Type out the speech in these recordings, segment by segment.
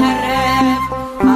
ማተረፍ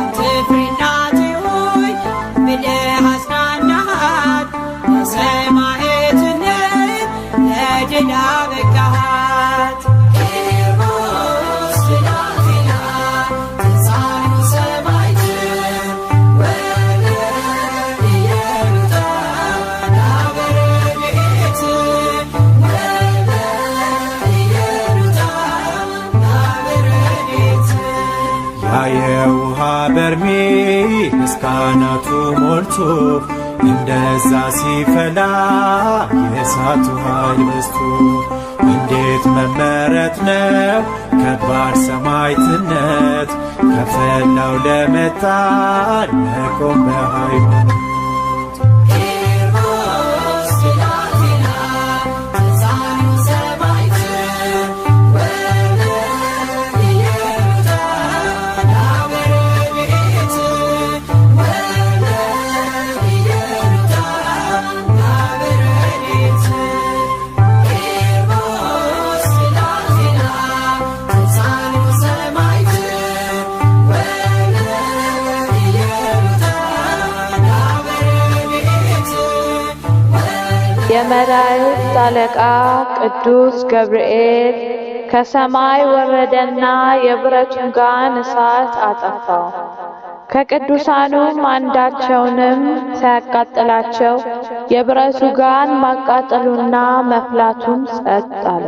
የውሃ በርሜል እስካናቱ ሞልቶ እንደዛ ሲፈላ የእሳቱ ኃይል በዝቶ እንዴት መመረት ነው ከባድ ሰማዕትነት ከፈላው ለመጣ መቆም በሃይማኖት አለቃ ቅዱስ ገብርኤል ከሰማይ ወረደና ጋን እሳት አጠፋው። ከቅዱሳኑም አንዳቸውንም ሳያቃጥላቸው የብረቱ ጋን ማቃጠሉና መፍላቱን ጸጥ አለ።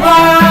Bye.